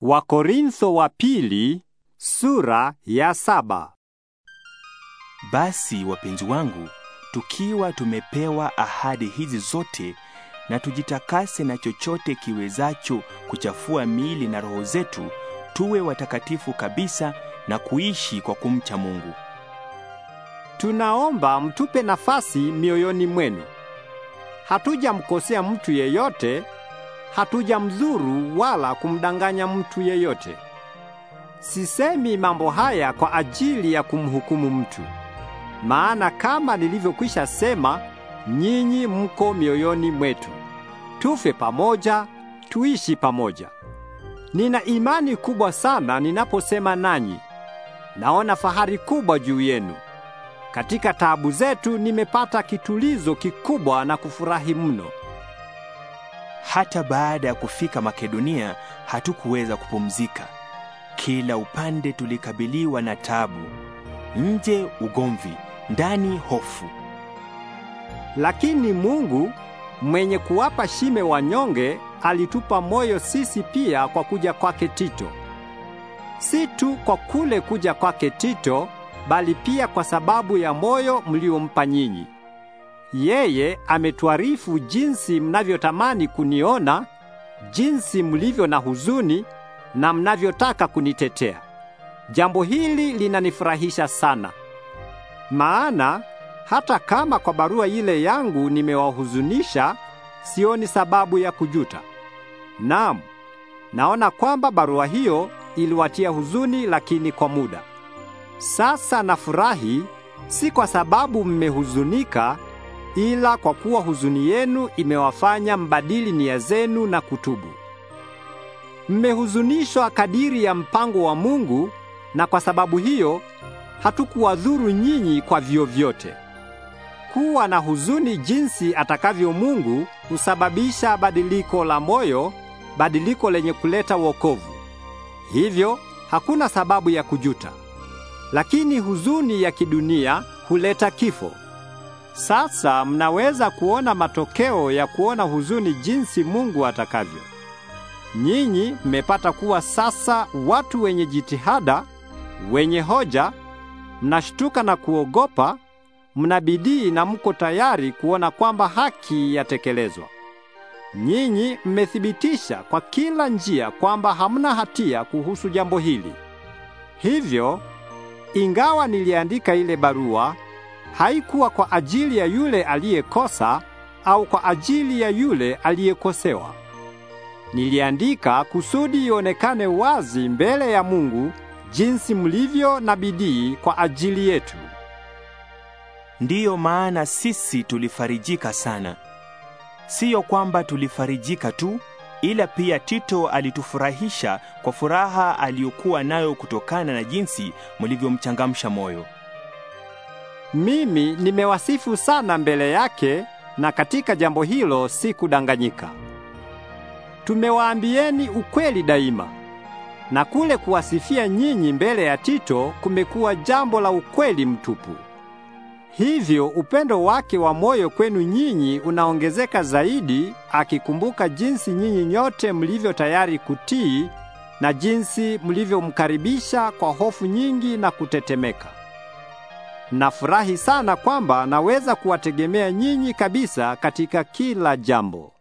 Wakorintho wa pili sura ya saba. Basi wapenzi wangu, tukiwa tumepewa ahadi hizi zote, na tujitakase na chochote kiwezacho kuchafua miili na roho zetu, tuwe watakatifu kabisa na kuishi kwa kumcha Mungu. Tunaomba mtupe nafasi mioyoni mwenu. Hatujamkosea mtu yeyote hatujamdhuru wala kumdanganya mtu yeyote. Sisemi mambo haya kwa ajili ya kumhukumu mtu, maana kama nilivyokwisha sema, nyinyi mko mioyoni mwetu. Tufe pamoja, tuishi pamoja. Nina imani kubwa sana ninaposema nanyi. Naona fahari kubwa juu yenu. Katika taabu zetu nimepata kitulizo kikubwa na kufurahi mno hata baada ya kufika Makedonia hatukuweza kupumzika. Kila upande tulikabiliwa na tabu, nje ugomvi, ndani hofu. Lakini Mungu mwenye kuwapa shime wanyonge alitupa moyo sisi pia kwa kuja kwake Tito. Si tu kwa kule kuja kwake Tito, bali pia kwa sababu ya moyo mliompa nyinyi. Yeye ametuarifu jinsi mnavyotamani kuniona, jinsi mlivyo na huzuni na mnavyotaka kunitetea. Jambo hili linanifurahisha sana. Maana hata kama kwa barua ile yangu nimewahuzunisha, sioni sababu ya kujuta. Naam, naona kwamba barua hiyo iliwatia huzuni lakini kwa muda. Sasa nafurahi si kwa sababu mmehuzunika ila kwa kuwa huzuni yenu imewafanya mbadili nia zenu na kutubu. Mmehuzunishwa kadiri ya mpango wa Mungu, na kwa sababu hiyo hatukuwadhuru nyinyi kwa vyovyote. Kuwa na huzuni jinsi atakavyo Mungu husababisha badiliko la moyo, badiliko lenye kuleta wokovu. Hivyo hakuna sababu ya kujuta. Lakini huzuni ya kidunia huleta kifo. Sasa mnaweza kuona matokeo ya kuona huzuni jinsi Mungu atakavyo. Nyinyi mmepata kuwa sasa watu wenye jitihada, wenye hoja, mnashtuka na kuogopa, mnabidii na mko tayari kuona kwamba haki yatekelezwa. Nyinyi mmethibitisha kwa kila njia kwamba hamna hatia kuhusu jambo hili. Hivyo, ingawa niliandika ile barua haikuwa kwa ajili ya yule aliyekosa au kwa ajili ya yule aliyekosewa. Niliandika kusudi ionekane wazi mbele ya Mungu jinsi mlivyo na bidii kwa ajili yetu. Ndiyo maana sisi tulifarijika sana. Siyo kwamba tulifarijika tu, ila pia Tito alitufurahisha kwa furaha aliyokuwa nayo kutokana na jinsi mlivyomchangamsha moyo. Mimi nimewasifu sana mbele yake na katika jambo hilo sikudanganyika. Tumewaambieni ukweli daima. Na kule kuwasifia nyinyi mbele ya Tito kumekuwa jambo la ukweli mtupu. Hivyo upendo wake wa moyo kwenu nyinyi unaongezeka zaidi akikumbuka jinsi nyinyi nyote mlivyo tayari kutii na jinsi mlivyomkaribisha kwa hofu nyingi na kutetemeka. Nafurahi sana kwamba naweza kuwategemea nyinyi kabisa katika kila jambo.